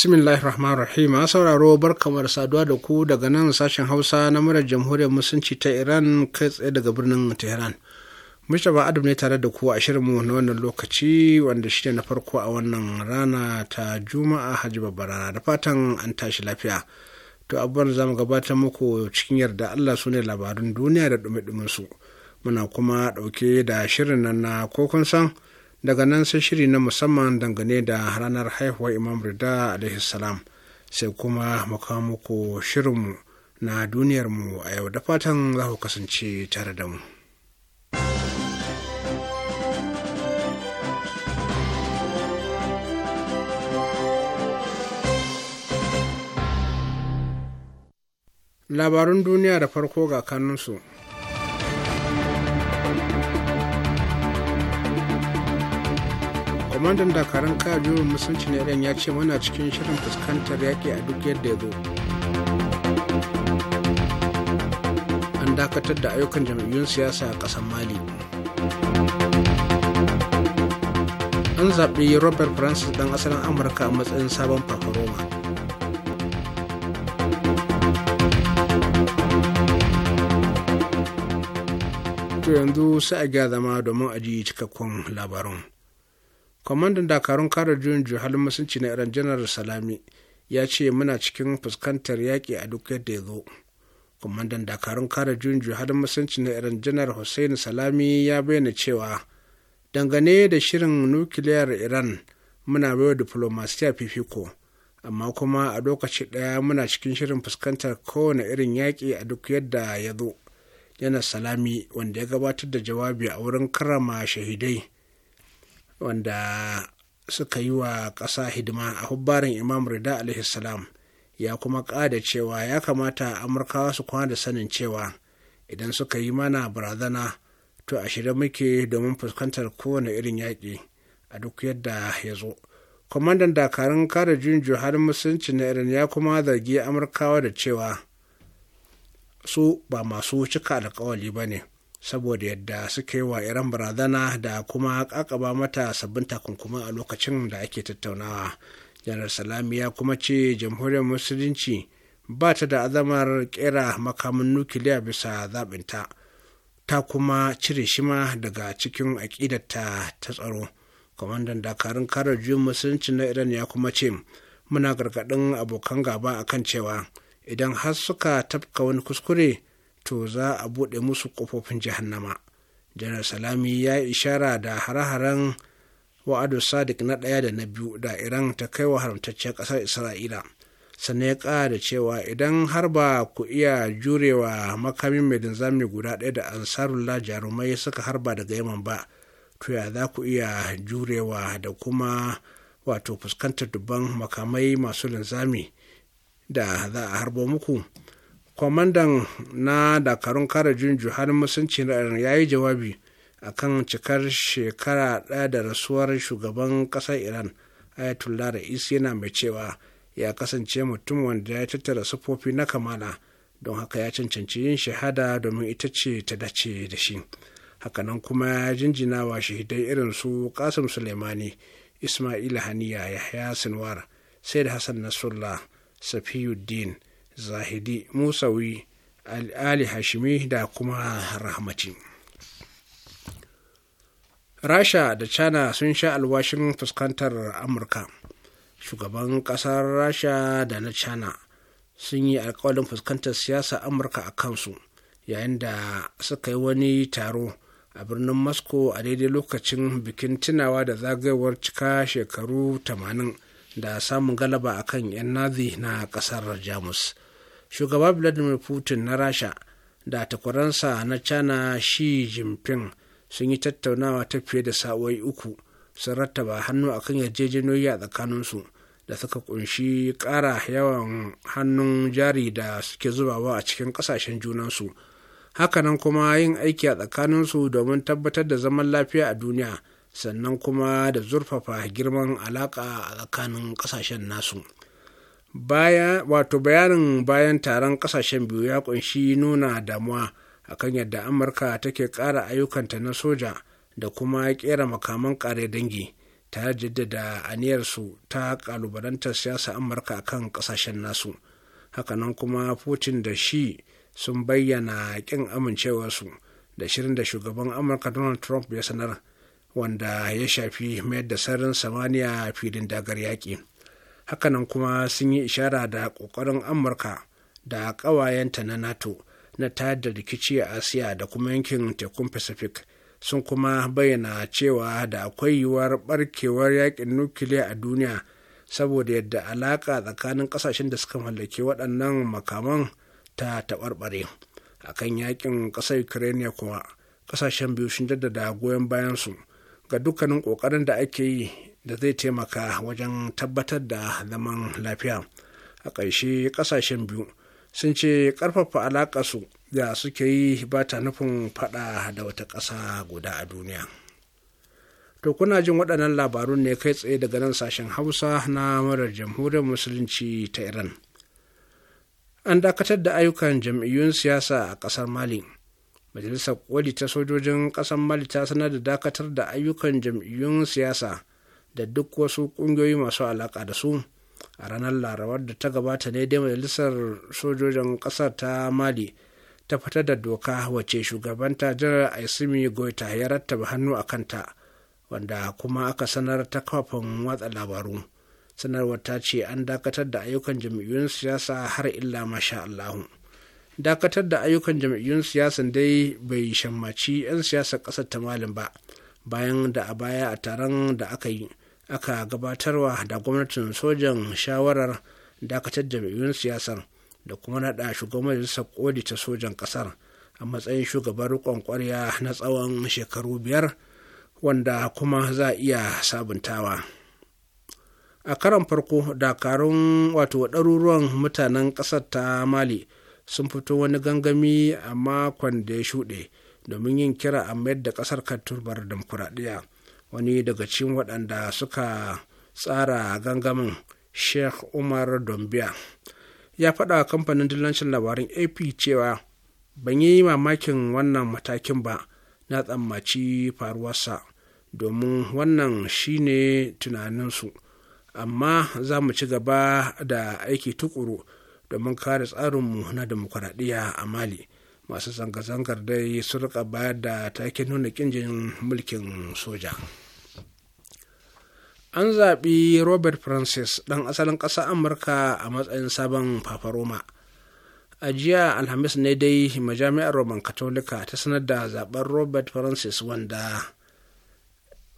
bismillahir rahmanir rahim an sauraro barkamar saduwa da ku daga nan sashen hausa na murar jamhuriyar musulunci ta iran kai tsaye daga birnin tehran mustapha adam ne tare da ku a shirin mu na wannan lokaci wanda shi ne na farko a wannan rana ta juma'a hajji babbar da fatan an tashi lafiya to abubuwan za mu gabatar muku cikin yarda allah su ne labarun duniya da dumi su muna kuma ɗauke da shirin nan na kokon san daga nan sai shiri na musamman dangane da ranar haihuwar imam rida alaihissalam sai kuma muka muku shirinmu na duniyarmu a yau da fatan za ku kasance tare da mu. Labarun duniya da farko ga kanunsu. kwamandan dakarun kajiyar musulunci na irin ya ce muna cikin shirin fuskantar yaƙi a duk yadda ya zo an dakatar da ayyukan jam'iyyun siyasa a ƙasar mali an zaɓi robert francis ɗan asalin amurka a matsayin sabon fafaroma to yanzu sai a gya zama domin a ji cikakkun labarun. kwamandan dakarun kare juyin juya halin musulunci na iran janar salami ya ce muna cikin fuskantar yaƙi a duk yadda ya zo kwamandan dakarun kare juyin juya halin musulunci na iran janar hussein salami ya bayyana cewa dangane da shirin nukiliyar iran muna baiwa diplomasiya fifiko amma kuma a lokaci ɗaya muna cikin shirin fuskantar kowane irin yaƙi a duk yadda ya zo yana salami wanda ya gabatar da jawabi a wurin karrama shahidai wanda suka yi wa ƙasa hidima a hubbarin imam rida alaihi ya kuma ƙada cewa ya kamata amurkawa su kwana da sanin cewa idan suka yi mana barazana to a shirye muke domin fuskantar kowane irin yaƙi a duk yadda ya zo kwamandan dakarun kare juyin har musulunci na irin ya kuma zargi amurkawa da cewa su ba masu cika alkawali ba ne saboda yadda suka yi wa iran barazana da kuma kakaba mata sabbin takunkuma a lokacin da ake tattaunawa janar salami ya kuma ce jamhuriyar musulunci ba ta da azamar kera makamin nukiliya bisa zaɓinta ta kuma cire shi ma daga cikin aƙidarta ta tsaro kwamandan dakarun karar juyin musulunci na iran ya kuma ce muna gargaɗin abokan gaba akan cewa idan har suka tafka wani kuskure to za a buɗe musu ƙofofin jahannama janar salami ya yi ishara da hare-haren wa'adu sadiq na ɗaya da na biyu da iran ta kai wa haramtacciyar ƙasar isra'ila sannan ya ƙara da cewa idan har ba ku iya jurewa makamin mai linzami guda ɗaya da ansarullah jarumai suka harba daga yaman ba to ya za ku iya jurewa da kuma wato fuskantar dubban makamai masu linzami da za a harbo muku kwamandan na dakarun kare junju har musulunci na ya yi jawabi akan cikar shekara ɗaya da rasuwar shugaban ƙasar iran ayatollah isi yana mai cewa ya kasance mutum wanda ya tattara sufofi na kamala don haka ya cancanci yin shahada domin ita ce ta dace da shi hakanan kuma ya jinjina wa shahidai irin su kasim suleimani ismail haniya yahya sinwar da hassan nasrullah safiyuddin zahidi musawi ali hashimi da kuma rahmati rasha da china sun sha alwashin fuskantar amurka shugaban kasar rasha da na china sun yi alkawalin fuskantar siyasa amurka a kansu yayin da suka yi wani taro a birnin moscow a daidai lokacin bikin tunawa da zagayowar cika shekaru 80 da samun galaba akan 'yan nazi na kasar jamus shugaba vladimir putin na rasha da takwaransa na china shi jinping sun yi tattaunawa ta fiye da sa'o'i uku sun rattaba hannu a kan yarjejeniyoyi a tsakaninsu da suka kunshi ƙara yawan hannun jari da suke zubawa a cikin ƙasashen junansu hakanan kuma yin aiki a tsakaninsu domin tabbatar da zaman lafiya a duniya sannan kuma da zurfafa girman alaƙa a tsakanin ƙasashen nasu. baya wato bayanin bayan taron kasashen biyu ya kunshi nuna damuwa akan yadda amurka take ƙara ayyukanta na soja da kuma kera makaman kare dangi ta jaddada aniyarsu ta kalubalantar siyasa amurka akan kasashen nasu hakanan kuma putin da shi sun bayyana ƙin amincewarsu da shirin da shugaban amurka donald trump ya sanar wanda ya shafi mayar da sararin samaniya filin dagar yaƙi hakanan kuma sun yi ishara da ƙoƙarin amurka da ƙawayenta na nato na tayar da rikici a asiya da kuma yankin tekun pacific sun kuma bayyana cewa da akwai yiwuwar barkewar yakin nukiliya a duniya saboda yadda alaka tsakanin kasashen da suka mallaki waɗannan makaman ta taɓarɓare a kan yakin ƙasar ukraine kuwa ƙasashen biyu sun jaddada goyon bayansu ga dukkanin ƙoƙarin da ake yi da zai taimaka wajen tabbatar da zaman lafiya a ƙarshe ƙasashen biyu sun ce ƙarfafa su da suke yi ba ta nufin faɗa da wata ƙasa guda a duniya to kuna jin waɗannan labarun ne kai tsaye daga nan sashen hausa na marar jamhuriyar musulunci ta iran an dakatar da ayyukan jam'iyyun siyasa a ƙasar mali majalisar koli ta sojojin ƙasar mali ta sanar da dakatar da ayyukan jam'iyyun siyasa da duk wasu ƙungiyoyi masu alaƙa da su a ranar larabar da ta gabata ne dai majalisar sojojin ƙasar ta mali ta fitar da doka wace shugabanta jiran aisimi goita ya rattaba hannu a kanta wanda kuma aka sanar ta kafin watsa labaru sanarwar ta ce an dakatar da ayyukan jam'iyyun siyasa har illa masha allahu dakatar da ayyukan jam'iyyun siyasan dai bai shammaci 'yan siyasar ƙasar ta malin ba bayan da a baya a taron da aka yi aka gabatarwa da gwamnatin sojan shawarar dakatar jam'iyyun siyasar da kuma naɗa shugaban majalisar koli ta sojan ƙasar a matsayin shugaban rikon kwarya na tsawon shekaru biyar wanda kuma za a iya sabuntawa a karan farko dakarun wato ɗaruruwan mutanen ƙasar ta mali sun fito wani gangami a makon da ya shuɗe domin yin kira a mayar da ƙasar kan turbar demokuraɗiyya wani daga cikin waɗanda suka tsara gangamin sheikh umar dombiya ya faɗa kamfanin dillancin labarin ap cewa ban yi mamakin wannan matakin ba na tsammaci faruwarsa domin wannan shine tunaninsu amma za mu ci gaba da aiki tukuru domin kare tsarinmu na demokuraɗiyya a mali masu zanga-zangar dai sun rika bayar da taken nuna kinjin mulkin soja. an zaɓi robert francis ɗan asalin ƙasa amurka a matsayin sabon fafaroma a jiya alhamis ne dai majami'ar roman katolika ta sanar da zaɓen robert francis wanda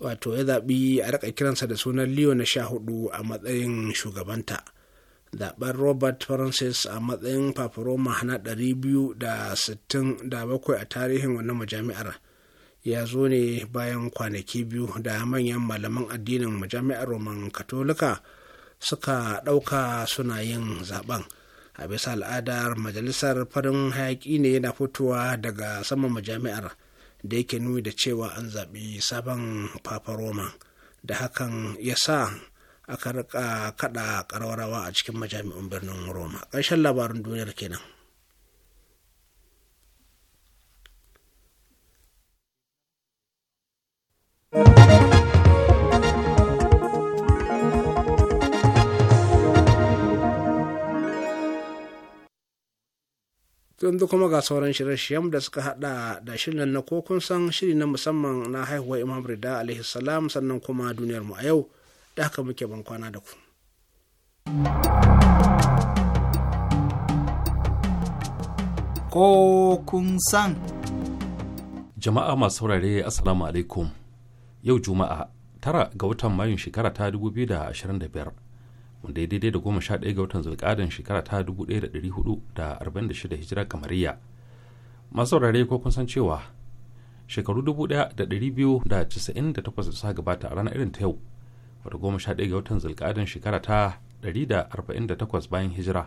wato ya zaɓi a rika kiransa da sunan leo na sha hudu a matsayin shugabanta zaɓen robert francis a matsayin fafaroma na ɗari biyu da da sittin bakwai a tarihin wannan majami'ar ya zo ne bayan kwanaki biyu da manyan malaman addinin majami'ar roman katolika suka ɗauka suna yin zaben a bisa al'adar majalisar farin hayaƙi ne yana fitowa daga saman majami'ar da yake nuni da cewa an zaɓi sabon papa roma da hakan ya sa aka rika kaɗa ƙararrawa a cikin majami'un birnin roma ƙarshen labarin duniyar kenan to yanzu kuma ga sauran shirye-shiryen da suka hada da shirin na ko kun san shiri na musamman na haihuwar imam rida alaihi salam sannan kuma duniyar mu a yau da haka muke ban kwana da ku ko kun san jama'a masu saurare assalamu alaikum yau juma'a tara ga watan mayun shekara ta 2025 daidai da goma sha ɗaya ga watan zulƙadan shekara ta dubu ɗaya da ɗari hudu da arba'in da shida hijira kamariya masu saurare ko kun san cewa shekaru dubu ɗaya da ɗari biyu da casa'in da takwas da suka gabata a ranar irin ta yau wata goma sha ɗaya ga watan zulƙadan shekara ta ɗari da arba'in da takwas bayan hijira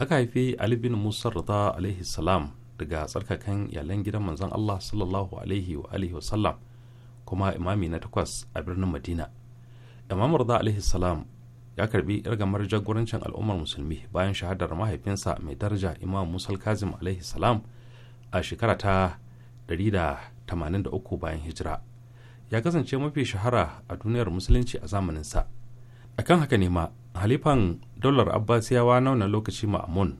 aka haifi ali bin musa rada alaihi salam daga tsarkakan iyalan gidan manzon allah sallallahu alaihi wa alihi wasallam kuma imami na takwas a birnin madina imam rada alaihi salam ya karbi irgamar jagorancin al'ummar musulmi bayan shahadar mahaifinsa mai daraja imam musal kazim alaihi salam a shekara ta 183 bayan hijira ya kasance mafi shahara a duniyar musulunci a zamaninsa akan haka ne ma halifan daular abbasiyawa nauna lokaci ma'amun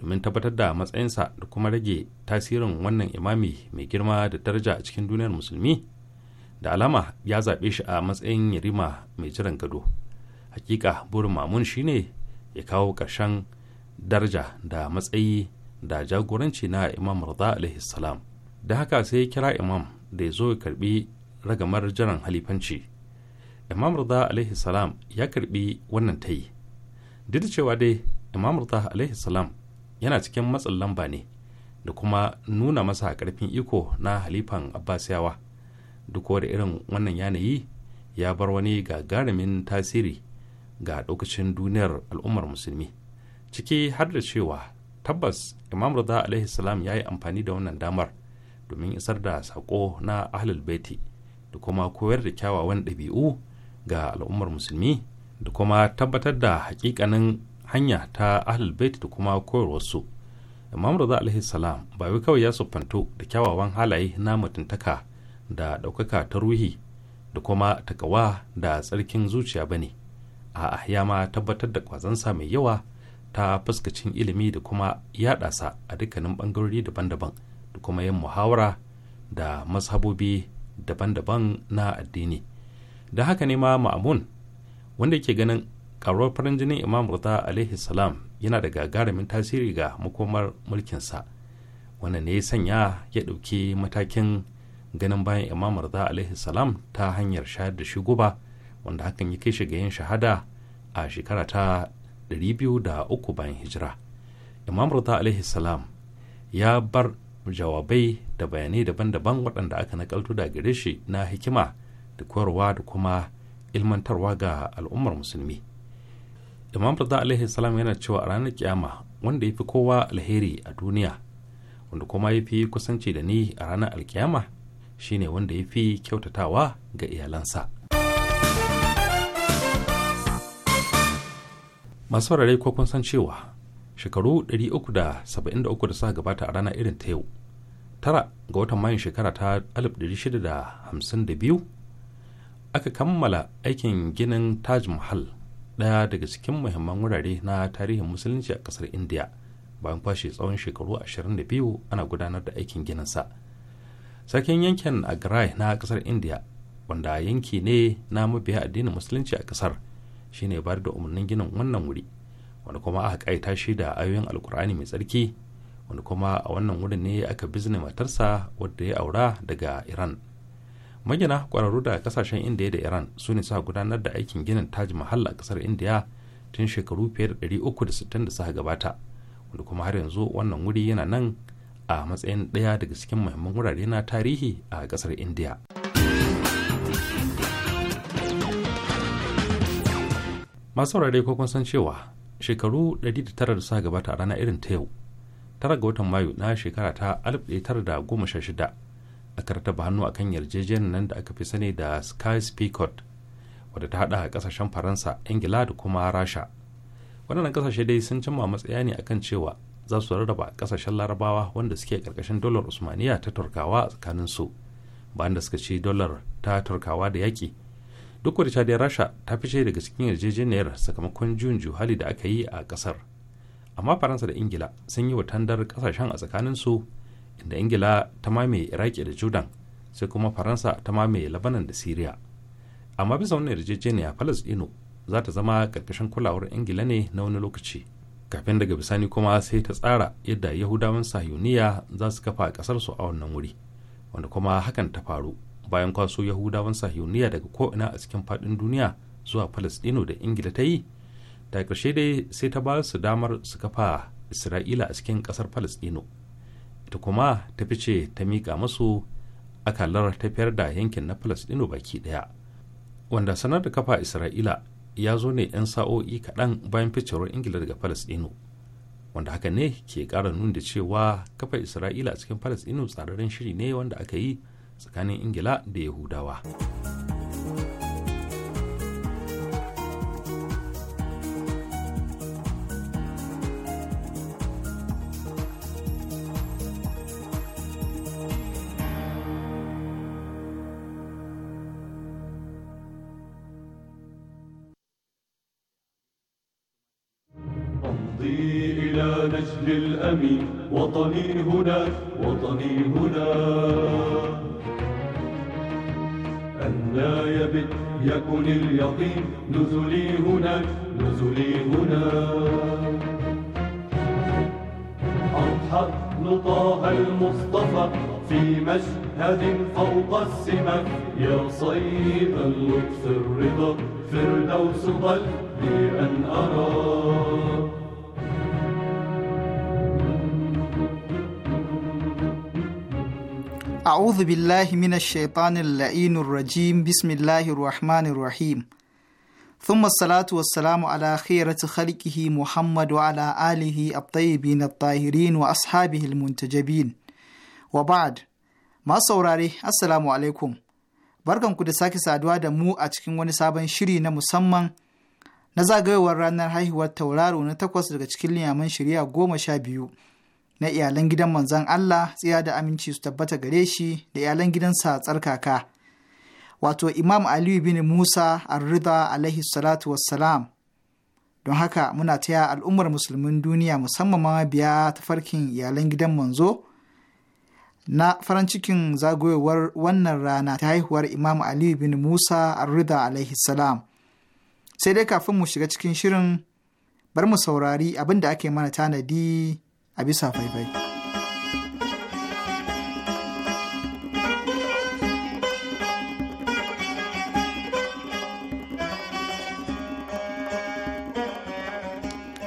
domin tabbatar da matsayinsa da kuma rage tasirin wannan imami mai girma da daraja a cikin duniyar musulmi da alama ya zaɓe shi a matsayin yarima mai jiran gado hakika burin mamun shine ya kawo ƙarshen daraja da matsayi da jagoranci na imam rada alaihi salam da haka sai ya kira imam da ya zo ya karbi ragamar jiran halifanci imam rada alaihi salam ya karbi wannan ta yi duk da cewa dai imam rada alaihi salam yana cikin matsin lamba ne da kuma nuna masa karfin iko na halifan abbasiyawa duk wani irin wannan yanayi ya bar wani gagarumin tasiri ga lokacin duniyar al'ummar musulmi ciki har da cewa tabbas imam rada alaihi salam ya yi amfani da wannan damar domin isar da saƙo na ahlul baiti da kuma koyar da kyawawan ɗabi'u ga al'ummar musulmi da kuma tabbatar da hakikanin hanya ta ahlul baiti da kuma koyarwarsu imam rada alaihi salam ba wai kawai ya siffanto da kyawawan halaye na mutuntaka da ɗaukaka ta ruhi da kuma takawa da tsarkin zuciya ba ne a'a ya ma tabbatar da kwazansa mai yawa ta fuskacin ilimi da kuma yaɗa sa a dukkanin bangarori daban-daban da kuma yin muhawara da mazhabobi daban-daban na addini da haka ne ma ma'amun wanda ke ganin karuwar farin jinin imam rida alaihi salam yana da gagarumin tasiri ga makomar mulkinsa wannan ne ya sanya ya ɗauki matakin ganin bayan imam rida alaihi salam ta hanyar shayar da shi guba wanda hakan ya kai shi ga yin shahada a shekara ta uku bayan hijira imam rata alaihi salam ya bar jawabai da bayanai daban-daban waɗanda aka nakalto da gare shi na hikima da koyarwa da kuma ilmantarwa ga al'ummar musulmi imam rata alaihi salam yana cewa a ranar kiyama wanda ya fi kowa alheri a duniya wanda kuma ya fi kusanci da ni a ranar alkiyama shine wanda ya fi kyautatawa ga iyalansa masu farare ko kun san cewa shekaru 373 da suka gabata a rana irin ta yau tara ga watan mayun shekara ta 1652 aka kammala aikin ginin taj mahal daya daga cikin muhimman wurare na tarihin musulunci a kasar india bayan kwashe tsawon shekaru 22 ana gudanar da aikin gininsa sarkin yankin agrai na kasar india wanda yanki ne na mabiya addinin musulunci a kasar shine bayar da umarnin ginin wannan wuri wani kuma aka kaita shi da ayoyin alkur'ani mai tsarki wani kuma a wannan wurin ne aka bizne matarsa wadda ya aura daga iran magina kwararru da kasashen indiya da iran su ne suka gudanar da aikin ginin taj mahal a kasar indiya tun shekaru fiye da 360 da suka gabata wanda kuma har yanzu wannan wuri yana nan a matsayin ɗaya daga cikin muhimman wurare na tarihi a kasar indiya masu saurare ko kun san cewa shekaru 109 da suka gabata a rana irin ta yau tara ga watan mayu na shekara ta 1916 karta ba hannu akan yarjejeniyar nan da aka fi sani da sky speakot wadda ta hada kasashen faransa ingila da kuma rasha waɗannan kasashe dai sun cimma matsaya ne akan cewa za su rarraba kasashen larabawa wanda suke karkashin dolar usmaniya ta turkawa a su bayan da suka ci dolar ta turkawa da yaƙi duk da dai rasha ta fice daga cikin yarjejeniyar sakamakon juyin juhali da aka yi a kasar amma faransa da ingila sun yi wa tandar kasashen a tsakanin su inda ingila ta mamaye iraki da jordan sai kuma faransa ta mamaye labanan da syria amma bisa wannan yarjejeniya dino za ta zama karkashin kulawar ingila ne na wani lokaci kafin daga bisani kuma sai ta tsara yadda yahudawan sahiyuniya za su kafa kasar su a wannan wuri wanda kuma hakan ta faru bayan kwaso yahudawan sahiyoniya daga ko'ina a cikin faɗin duniya zuwa palestino da ingila ta yi da karshe dai sai ta ba su damar su kafa isra'ila a cikin ƙasar palestino ita kuma ta fice ta miƙa masu akalar tafiyar da yankin na palestino baki ɗaya wanda sanar da kafa isra'ila ya zo ne 'yan sa'o'i kaɗan bayan ficewar ingila daga palestino wanda haka ne ke ƙara nuna da cewa kafa isra'ila a cikin palestino tsararren shiri ne wanda aka yi tsakanin ingila da yahudawa وطني هنا أولي اليقين نزلي هناك نزلي هناك أضحت نطاها المصطفى في مشهد فوق السمك يا صيد اللطف الرضا فردوس ظل لي أن أراك a'udhu billahi minash shaitanir la'inur rajim bismillahir rahmanir rahim ثم الصلاة Muhammadu على خيرة خلقه محمد وعلى آله الطيبين الطاهرين وأصحابه wa Ba'ad. Ma saurari, Assalamu alaikum barkanku da sake saduwa da mu a cikin wani sabon shiri na musamman na zagayowar ranar haihuwar tauraro na takwas daga cikin liyaman shari'a goma sha biyu na iyalan gidan manzon Allah tsira da aminci su tabbata gare shi da iyalan gidansa tsarkaka. Wato Imam Aliyu bin Musa al rida alaihi salatu wassalam. Don haka muna taya al'ummar musulmin duniya musamman ma biya tafarkin iyalan gidan manzo na farin cikin zagayowar wannan rana ta haihuwar Imam Aliyu bin Musa al rida alaihi salam. Sai dai kafin mu shiga cikin shirin bar mu saurari abin da ake mana tanadi a bisa faifai.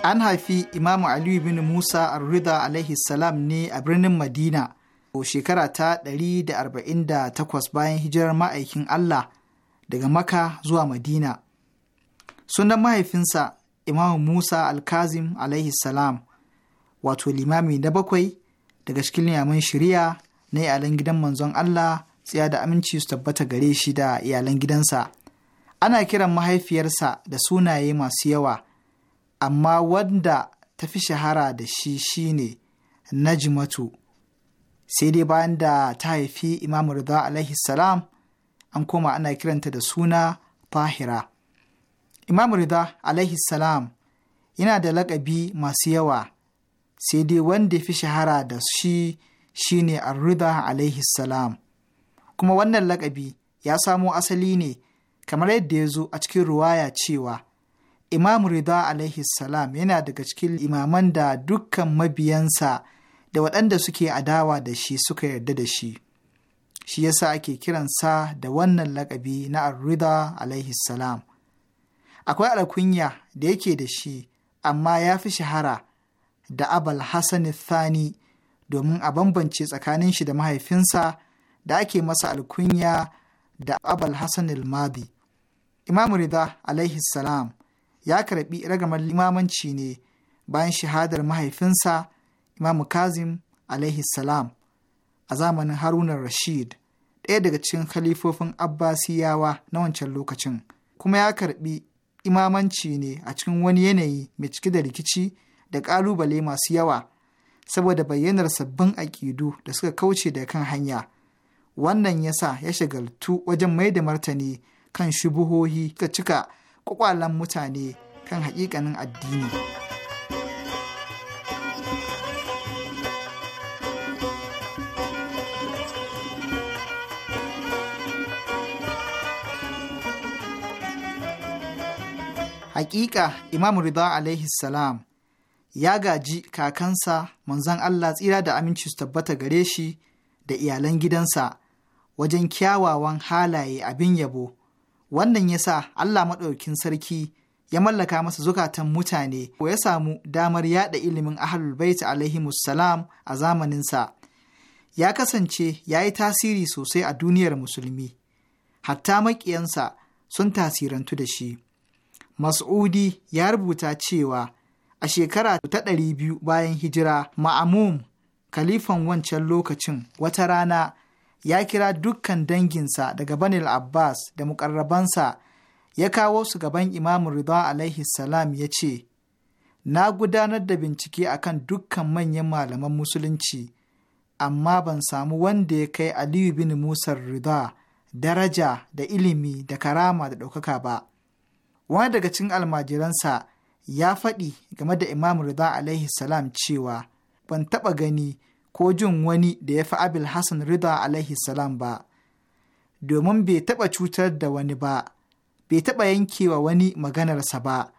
An haifi Imamu Aliyu bin Musa Ar-Rida alaihi salam ne a birnin Madina, shekara ta ɗari da da arba'in 148 bayan hijirar ma'aikin Allah daga Maka zuwa Madina. Sunan mahaifinsa Imamu Musa Al-Kazim alaihi salam wato limami na bakwai daga cikin limamin shari'a na iyalan gidan manzon Allah tsaya da aminci su tabbata gare shi da iyalan gidansa. Ana kiran mahaifiyarsa da sunaye masu yawa, amma wanda ta fi shahara da shi shi shine Najmatu. Sai dai bayan da ta haifi Imam Rida alaihi salam an koma ana kiranta da suna Fahira. Imam Rida alaihi salam yana da laƙabi masu yawa. sai dai wanda ya fi shahara da shi shine Ar-Rida alaihi salam. Kuma wannan lakabi ya samo asali ne kamar yadda ya zo a cikin ruwaya cewa Imam Rida alaihi salam yana daga cikin imaman da dukkan mabiyansa da waɗanda suke adawa da shi suka yarda da shi. Shi yasa ake kiransa da wannan lakabi na Ar-Rida alaihi salam. Akwai alkunya da yake da shi amma ya fi shahara da Abal Hassan Thani domin a bambance tsakanin shi da mahaifinsa da ake masa alkunya da Abal Hassan Madi. Imam Rida alaihi salam ya karbi ragamar limamanci ne bayan shahadar mahaifinsa Imam Kazim alaihi salam a zamanin Haruna Rashid ɗaya daga cikin khalifofin Abbasiyawa na wancan lokacin kuma ya karbi imamanci ne a cikin wani yanayi mai cike da rikici da ƙalubale masu yawa saboda bayyanar sabbin aƙidu da suka kauce da kan hanya wannan ya sa ya shagaltu wajen mai da martani kan shubuhohi ka cika ƙwaƙwalan mutane kan haƙiƙanin addini. hakika imam rida alaihi salam ya gaji kakansa manzon Allah tsira da aminci su tabbata gare shi da iyalan gidansa wajen kyawawan halaye abin yabo wannan ya sa Allah maɗaukin sarki ya mallaka masa zukatan mutane ko ya samu damar yaɗa ilimin ahlul bait musalam a zamaninsa ya kasance ya yi tasiri sosai a duniyar musulmi hatta maƙiyansa sun tasirantu da shi mas'udi ya rubuta cewa a shekara ta ɗari biyu bayan hijira ma'amum kalifan wancan lokacin wata rana ya kira dukkan danginsa daga banil abbas da mukarrabansa ya kawo su gaban imamun rida alaihi salam ya ce na gudanar da bincike akan dukkan manyan malaman musulunci amma ban samu wanda ya kai aliyu bin musar rida daraja da ilimi da karama da ɗaukaka ba wani daga cikin almajiransa ya faɗi game da Imam Rida alaihi salam cewa ban taɓa gani ko jin wani da ya fi Abil Hassan Rida alaihi salam ba, domin bai taɓa cutar da wani ba, bai taɓa yankewa wani maganarsa ba.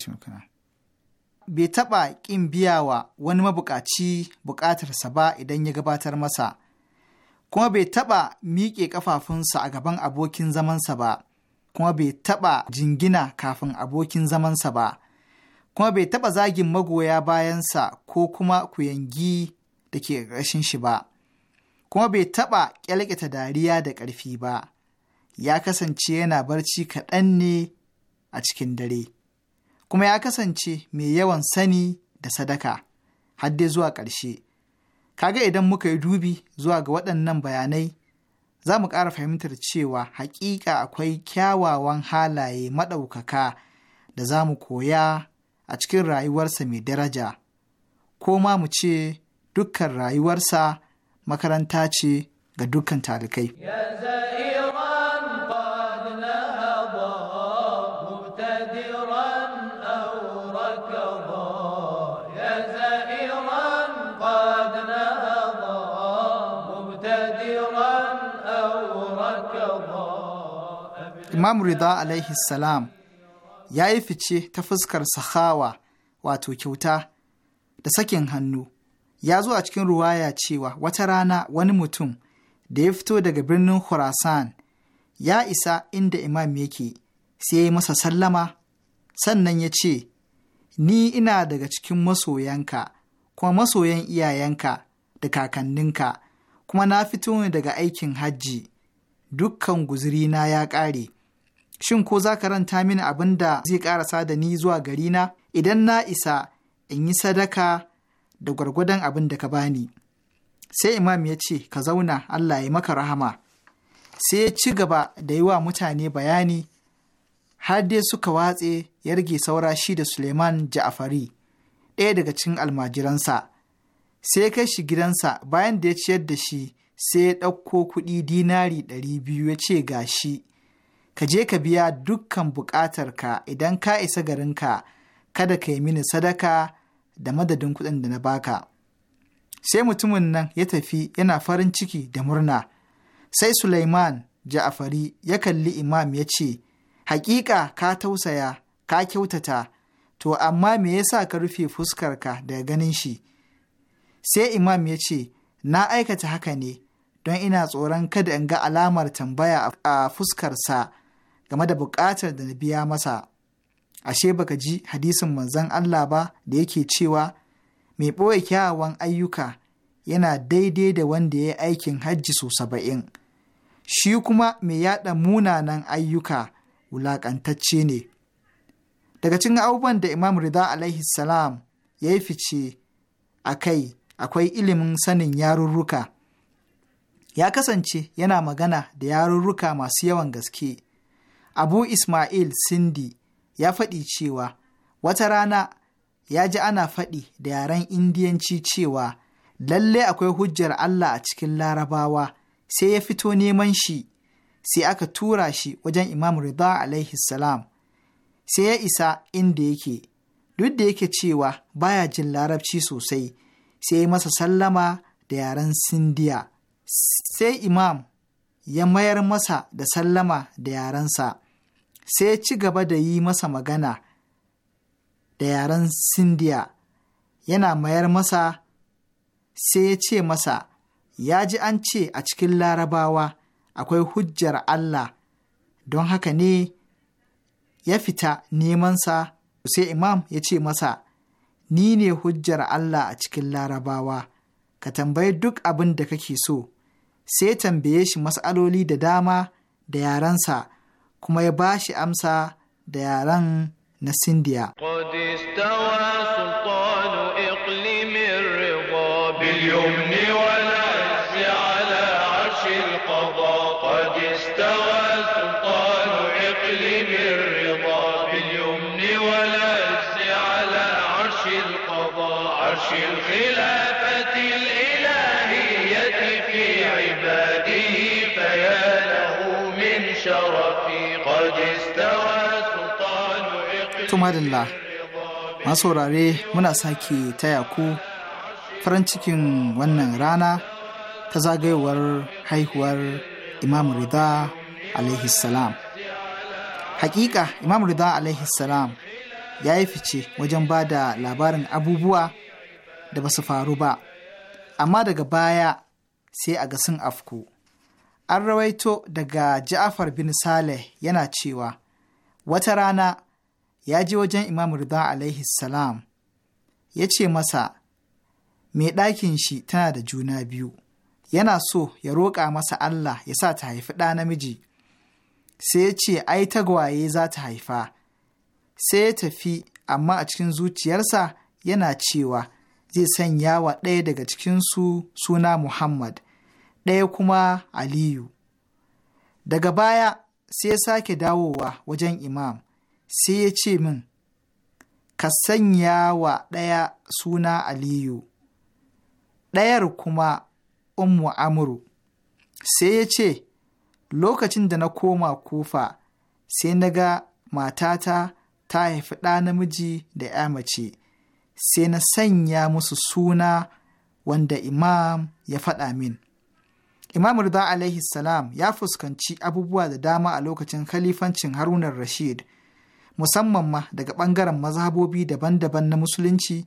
Bai taɓa ƙin biya wa wani mabuƙaci buƙatarsa ba idan ya gabatar masa, kuma bai taɓa miƙe ƙafafunsa a gaban abokin zamansa ba, kuma bai taɓa jingina kafin abokin zamansa ba. kuma bai taɓa zagin magoya bayansa ko kuma ku yangi da ke ƙarƙashin shi ba, kuma bai taɓa ƙyalƙita dariya da ƙarfi ba, ya kasance yana barci kaɗan ne a cikin dare, kuma ya kasance mai yawan sani da sadaka, Hadde, zuwa ƙarshe. Kaga idan muka yi dubi zuwa ga waɗannan bayanai, za mu ƙara fahimtar cewa haƙiƙa akwai kyawawan halaye maɗaukaka da za mu koya a cikin rayuwarsa mai daraja, ko ma mu ce dukkan rayuwarsa makaranta ce ga dukkan talikai. Imam Rida alaihi salam ya yi fice ta fuskar sahawa wato kyauta da sakin hannu ya zo a cikin ruwaya cewa wata rana wani mutum da ya fito daga birnin Khurasan ya isa inda imam yake sai ya yi masa sallama sannan ya ce ni ina daga cikin masoyanka kuma masoyan iyayenka da kakanninka kuma na fito ne daga aikin hajji dukkan guzurina ya ƙare shin ko za ka ranta mini abin da zai ƙara da ni zuwa gari na idan na isa in yi sadaka da gwargwadon abin da ka bani sai imam ya ce ka zauna allah ya maka rahama sai ya ci gaba da yi wa mutane bayani har dai suka watse ya rage saura shi da suleiman ja'afari ɗaya daga cikin almajiransa sai kai shi gidansa bayan da ya ciyar da shi sai ya ɗauko kuɗi dinari ɗari biyu ya ce ga shi ka je ka biya dukkan buƙatarka idan ka isa garinka kada ka yi mini sadaka da madadin kuɗin da na baka sai mutumin nan ya tafi yana farin ciki da murna sai Sulaiman Ja'afari ya kalli imam ya ce, Hakika ka tausaya, ka kyautata, to amma me yasa ka rufe fuskarka daga ganin shi? Sai imam ya ce, Na aikata haka ne, don ina tsoron kada in ga alamar tambaya a fuskarsa game da buƙatar da na biya masa ashe baka ji hadisin manzon Allah ba da yake cewa mai ɓoye kyawawan ayyuka yana daidai da wanda ya yi aikin hajji su saba'in shi kuma mai yaɗa munanan ayyuka wulaƙantacce ne daga cikin abubuwan da imam rida alaihi salam ya yi fice a kai akwai ilimin sanin yarurruka ya kasance yana magana da yarurruka masu yawan gaske Abu Ismail Sindi ya faɗi cewa wata rana ya ji ana faɗi da yaren Indiyanci cewa lalle akwai hujjar Allah a cikin larabawa sai ya fito neman shi sai aka tura shi wajen Imam Rida alaihi salam sai ya isa inda yake duk da yake cewa baya jin larabci sosai sai ya masa sallama da yaren Sindiya sai Imam ya mayar masa da sallama da yarensa sai ya ci gaba da yi masa magana da yaren Sindiya yana mayar masa sai ya ce masa ya ji an ce a cikin larabawa akwai hujjar Allah don haka ne ya fita neman sa, sai imam ya ce masa ni ne hujjar Allah a cikin larabawa ka tambayi duk abin da kake so sai tambaye shi mas'aloli da dama da yarensa kuma ya ba shi amsa da yaren na Sindiya. الخلافة الإلهية في عباده فيا له من شرف tumadilla masu saurare muna sake taya ku farin cikin wannan rana ta zagayowar haihuwar imam rida alaihi salam hakika imam rida alaihi salam ya yi fice wajen ba da labarin abubuwa da ba su faru ba amma daga baya sai a ga sun afku an rawaito daga Ja'afar bin Saleh yana cewa, Wata rana ya ji wajen Imam Rida alaihi salam, ya ce masa, Mai ɗakin shi tana da juna biyu, yana so ya roƙa masa Allah ya sa ta haifi ɗa namiji, sai ya ce, Ai, tagwaye za ta haifa, sai ya tafi, amma a cikin zuciyarsa yana cewa, Zai sanya wa ɗaya daga cikinsu suna Muhammad. ɗaya kuma Aliyu. Daga baya sai ya sake dawowa wajen imam, sai ya ce min, Ka sanya wa ɗaya suna Aliyu, ɗayar kuma Ummu Amuru. Sai ya ce, Lokacin da na koma kufa, sai na ga matata ta haifi ɗa namiji da ‘ya mace, sai na sanya musu suna wanda imam ya faɗa min. Imam Rida alaihi salam ya fuskanci abubuwa da dama a lokacin khalifancin Harunar Rashid, musamman ma daga ɓangaren mazhabobi daban-daban na Musulunci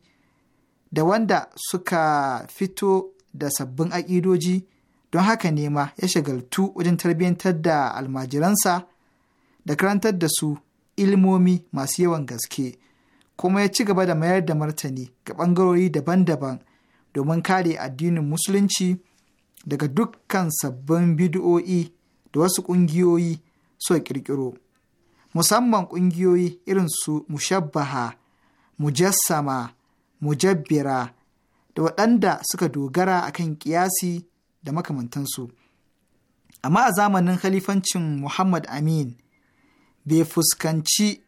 da wanda suka fito da sabbin aƙidoji don haka ne ma ya shagaltu wajen tarbiyyantar da almajiransa da karantar da su ilmomi masu yawan gaske, kuma ya ci gaba da mayar da martani ga ɓangarori daban-daban domin kare addinin Musulunci. daga dukkan sabbin bidiyo'i da wasu ƙungiyoyi suka ƙirƙiro. Musamman ƙungiyoyi irin su mushabbaha, mujassama, mujabbira da waɗanda suka dogara akan ƙiyasi da makamantansu. Amma a zamanin khalifancin Muhammad Amin bai fuskanci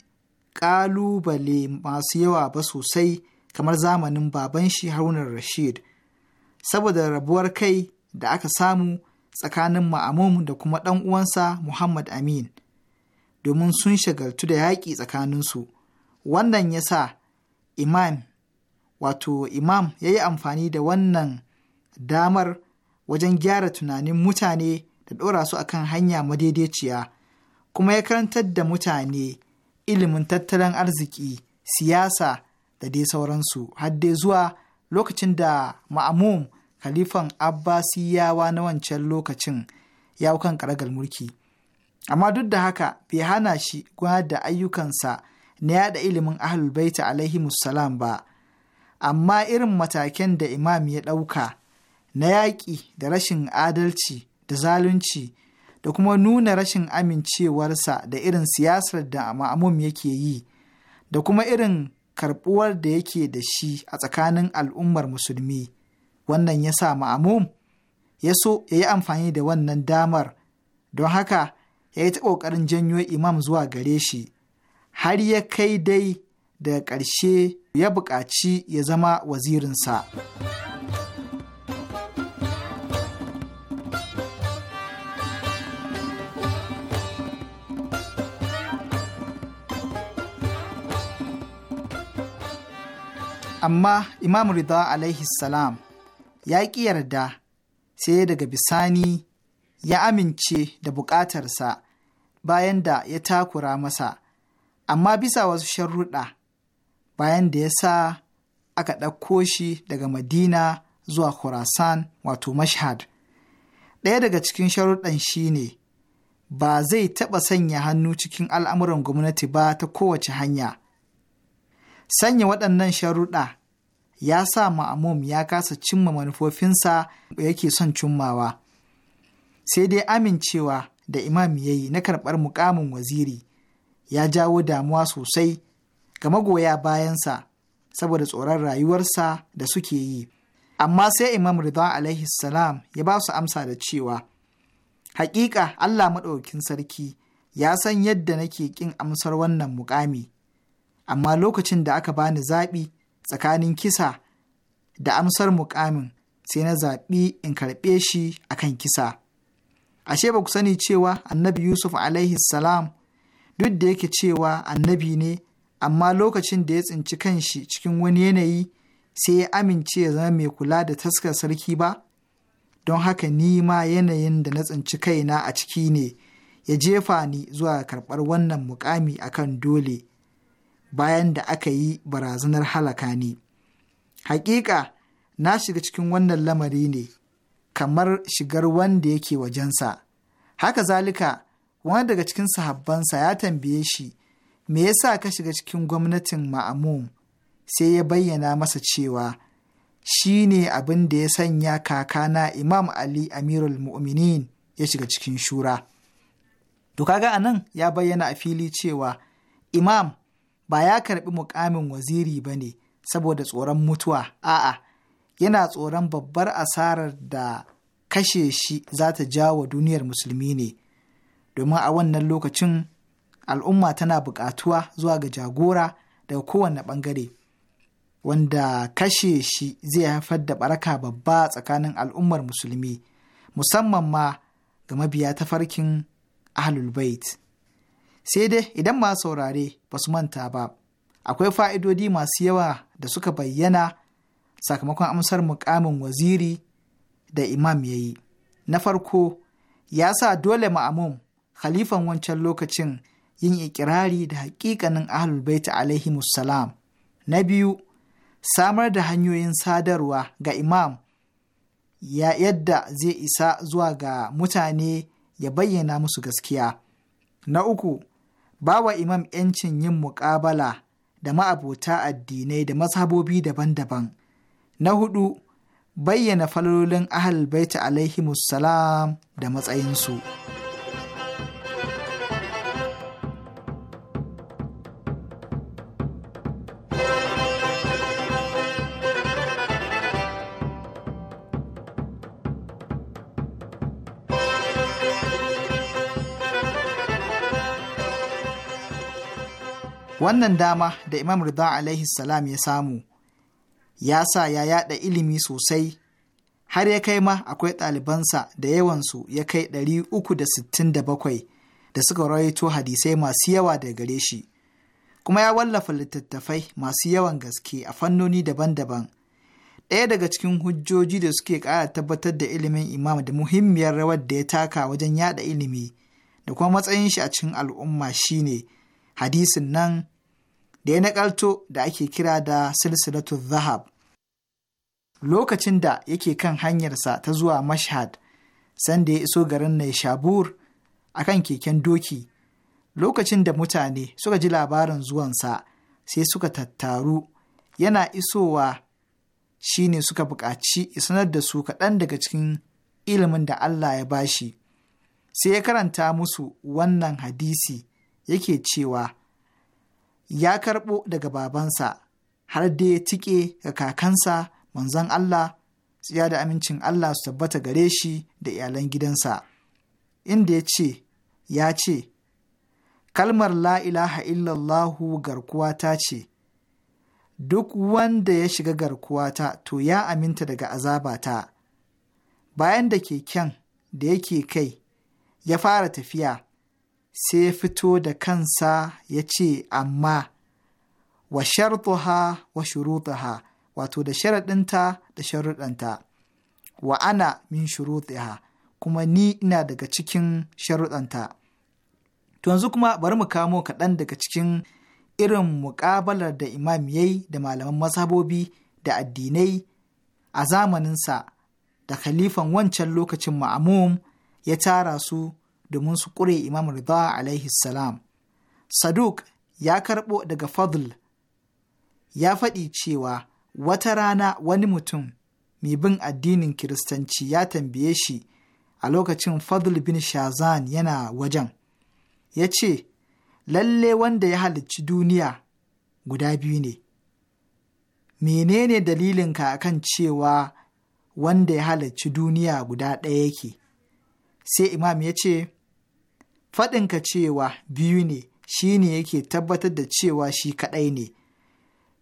ƙalubale masu yawa ba sosai kamar zamanin baban shi Harunar Rashid, saboda rabuwar kai da aka samu tsakanin ma'amum da kuma ɗan uwansa Muhammad Amin, domin sun shagaltu da yaƙi tsakaninsu. Wannan ya sa imam, wato imam ya yi amfani da wannan damar wajen gyara tunanin mutane da ɗora su akan hanya madaidaiciya, kuma ya karantar da mutane ilimin tattalin arziki, siyasa da dai sauransu, har dai zuwa lokacin da ma'amum khalifan abbasiyawa na wancan lokacin ya kan karagar mulki amma duk da haka bai hana shi gudanar da ayyukansa na yada ilimin ahlul baita alaihi musalam ba amma irin mataken da imam ya ɗauka na yaƙi da rashin adalci da zalunci da kuma nuna rashin amincewarsa da irin siyasar da ma'amum yake yi da kuma irin karɓuwar da yake da shi a tsakanin al'ummar musulmi wannan ya sa ma'amum ya so ya yi amfani da wannan damar don haka ya yi ta ƙoƙarin janyo imam zuwa gare shi har ya kai dai daga ƙarshe ya buƙaci ya zama wazirinsa. amma imam rida alaihi salam ya ƙi yarda sai daga bisani ya amince da buƙatarsa bayan da ya takura masa, amma bisa wasu sharruɗa bayan da ya sa aka ɗauko shi daga Madina zuwa Khurasan wato Mashhad. Ɗaya daga cikin sharuɗan shi ne, ba zai taɓa sanya hannu cikin al'amuran gwamnati ba ta kowace hanya. Sanya waɗannan sharuɗa ya sa ma'amum ya kasa cimma manufofinsa yake son cimmawa. Sai dai amincewa da imam ya yi na karɓar muƙamin waziri ya jawo damuwa sosai ga magoya bayansa saboda tsoron rayuwarsa da suke yi. Amma sai Imam Ridwan alaihi salam ya ba su amsa da cewa, Hakika Allah maɗaukin sarki ya san yadda nake ƙin amsar wannan muƙami, amma lokacin da aka bani zaɓi tsakanin kisa da amsar mukamin sai na zaɓi in karɓe shi a kan kisa. Ashe ba ku sani cewa annabi Yusuf alaihi salam duk da yake cewa annabi ne amma lokacin da ya tsinci kan shi cikin wani yanayi sai ya amince ya zama mai kula da taskar sarki ba? Don haka ni ma yanayin da na tsinci kaina a ciki ne ya jefa ni zuwa karɓar wannan mukami akan dole. bayan da aka yi barazanar halaka ni. Hakika na shiga cikin wannan lamari ne, kamar shigar wanda yake wajensa. Haka zalika, wani daga cikin sahabbansa ya tambaye shi, me yasa ka shiga cikin gwamnatin ma'amum sai ya bayyana masa cewa shi ne abin da ya sanya kakana Imam Ali Amirul Mu'minin ya shiga cikin shura. To kaga anan ya bayyana a fili cewa Imam ba ya karɓi mukamin waziri ba ne saboda tsoron mutuwa a'a yana tsoron babbar asarar da kashe shi za ta jawo duniyar musulmi ne domin a wannan lokacin al'umma tana buƙatuwa zuwa ga jagora daga kowane ɓangare wanda kashe shi zai haifar da ɓaraka babba tsakanin al'ummar musulmi musamman ma ga mabiya tafarkin ahlul bait. sai dai idan ma saurare ba su manta ba akwai fa'idodi masu yawa da suka bayyana sakamakon amsar mukamin waziri da imam ya yi na farko ya sa dole ma'amun khalifan wancan lokacin yin ikirari da hakikanin ahlul baita alaihi musalam na biyu samar da hanyoyin sadarwa ga imam ya yadda zai isa zuwa ga mutane ya bayyana musu gaskiya na uku ba wa imam ‘yancin yin muƙabala da ma'abota addinai da mazhabobi daban-daban. Na hudu, bayyana falolin ahal baita alaihimussalam da matsayinsu. Wannan dama da Imam Rida alaihi salam ya samu ya sa ya yada ilimi sosai har ya kai ma akwai ɗalibansa da yawansu ya kai ɗari uku da sittin da da bakwai suka rawaito hadisai masu yawa daga gare shi. Kuma ya wallafa littattafai masu yawan gaske a fannoni daban-daban. Ɗaya daga cikin hujjoji da suke ƙara tabbatar da ilimin imam da muhimmiyar rawar da ya taka wajen yada ilimi da kuma matsayin shi a cikin al'umma shine hadisin nan da ya nakalto da ake kira da silsilatu zahab lokacin da yake kan hanyarsa ta zuwa mashhad sanda ya iso garin Naishabur a kan keken doki lokacin da mutane suka ji labarin zuwansa sai suka tattaru yana isowa shi ne suka buƙaci sanar da su kaɗan daga cikin ilimin da Allah ya bashi sai ya karanta musu wannan hadisi yake cewa ya karɓo daga babansa har da ya tike ga kakansa manzon Allah tsiya da amincin Allah su tabbata gare shi da iyalan gidansa inda ya ce ya ce kalmar la ilaha illallahu ta ce duk wanda ya shiga garkuwata to ya aminta daga azabata bayan da keken da yake kai ya fara tafiya sai ya fito da kansa ya ce amma wa shartuha wa shurutaha wato da sharaɗinta da sharuɗanta wa ana min shurutiha kuma ni ina daga cikin sharuɗanta to yanzu kuma bari mu kamo kaɗan daga cikin irin muƙabalar da imam yayi da malaman mazhabobi da addinai a zamaninsa da khalifan wancan lokacin ma'amum ya tara su domin su ƙure Imam Rida alaihi salam. Saduk ya karɓo daga Fadl ya faɗi cewa wata rana wani mutum mai bin addinin Kiristanci ya tambaye shi a lokacin Fadl bin Shazan yana wajen. Ya ce, Lalle wanda ya halicci duniya guda biyu ne, menene dalilinka akan cewa wanda ya halarci duniya guda ɗaya yake sai imam ya ce faɗinka cewa biyu ne shi ne yake tabbatar da cewa shi kaɗai ne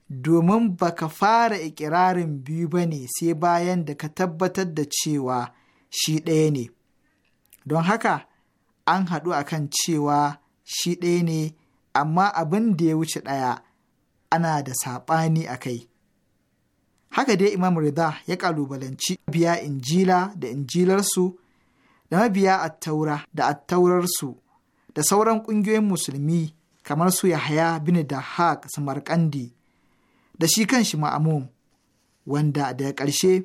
domin ba ka fara ikirarin biyu ba ne sai bayan da ka tabbatar da cewa shi ɗaya ne don haka an haɗu a kan cewa shi ɗaya ne amma abin da ya wuce ɗaya ana da saɓani a kai haka dai imam rida ya ƙalubalanci biya injila da injilarsu da mabiya attaura da attaurarsu da sauran ƙungiyoyin musulmi kamar su Yahaya bin Dahaq Samarkandi da shi kan shi Ma'amum wanda da daga ƙarshe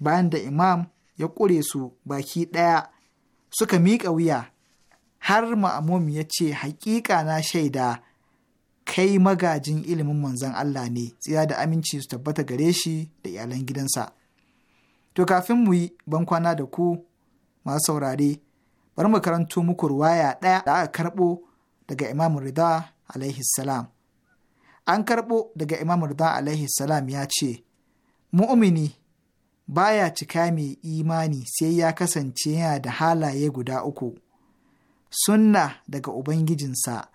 bayan da imam ya ƙure su baki ɗaya suka miƙa wuya har Ma'amum ya ce haƙiƙa na shaida kai magajin ilimin manzon Allah ne tsira da aminci su tabbata gare shi da iyalan gidansa. To kafin mu yi bankwana da ku masu saurare bari mu karanto muku ruwaya ɗaya da aka karɓo daga Imam Rida alaihi salam. An karɓo daga Imam Rida alaihi salam ya ce, Mu'mini baya cika mai imani sai ya kasance yana da halaye guda uku, sunna daga Ubangijinsa,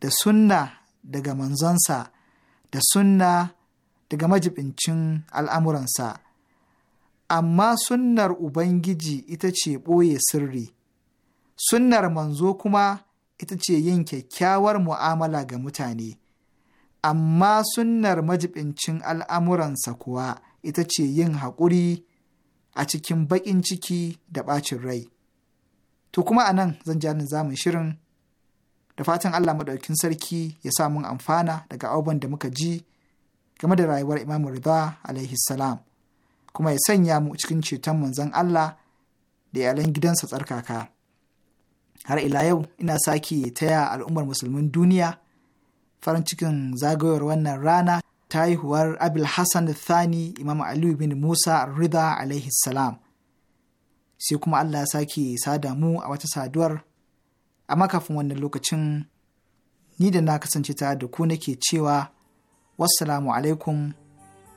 da sunna daga manzonsa, da sunna daga majibincin al'amuransa. Amma sunnar Ubangiji ita ce ɓoye sirri. sunnar manzo kuma ita ce yin kyakkyawar mu'amala ga mutane amma sunnar majibincin al'amuransa kuwa ita ce yin haƙuri a cikin baƙin ciki da ɓacin rai to kuma a nan zan ja zamun shirin da fatan allah maɗaukin sarki ya sa mun amfana daga abubuwan da muka ji game da rayuwar imamu rida alaihi salam kuma ya sanya mu cikin ceton manzon allah da iyalan gidansa tsarkaka. har ila yau ina sake taya al'ummar musulmin duniya farin cikin zagayowar wannan rana ta haihuwar abil hassan thani imam aliyu bin musa rida alaihi salam sai kuma allah ya sake sada mu a wata saduwar a makafin wannan lokacin ni da na kasance ta da ku nake cewa wassalamu alaikum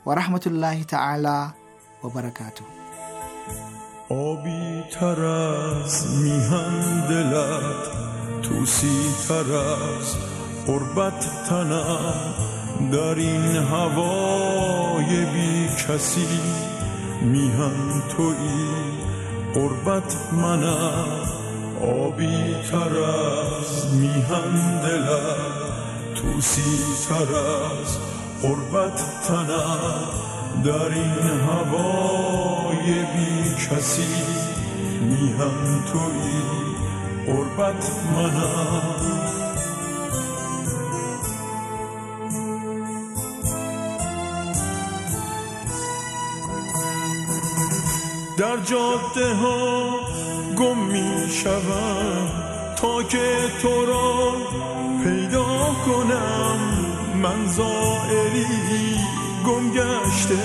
wa rahmatullahi ta'ala wa barakatuh آبی تر از میهن دلت توسی تر از قربت تنم در این هوای بی کسی میهن توی قربت منم آبی تر از میهن دلت توسی تر از قربت تنم در این هوای بی کسی می هم توی قربت منم در جاده ها گم می تا که تو را پیدا کنم من زائری گم گشته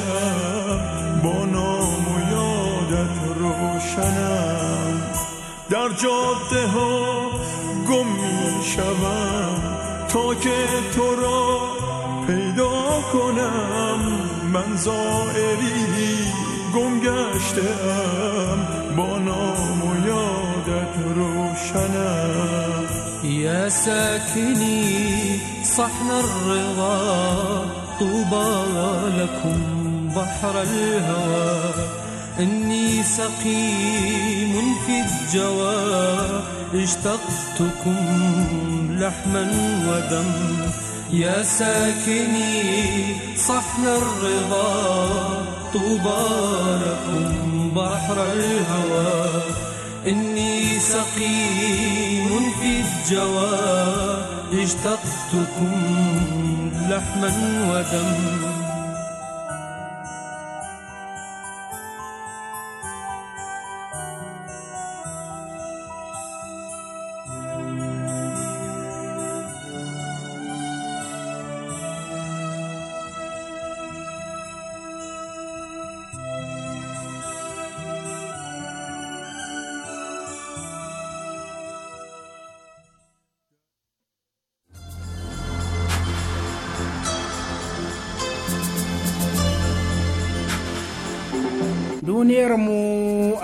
با نام و یادت روشنم در جاده ها گم می شوم تا که تو را پیدا کنم من زائری گم ام با نام و یادت روشنم یا ساکنی صحن الرضا طوبى لكم بحر الهوى إني سقيم في الجوى اشتقتكم لحما ودم يا ساكني صحن الرضا طوبى لكم بحر الهوى إني سقيم في الجوى اشتقتكم لحما ودم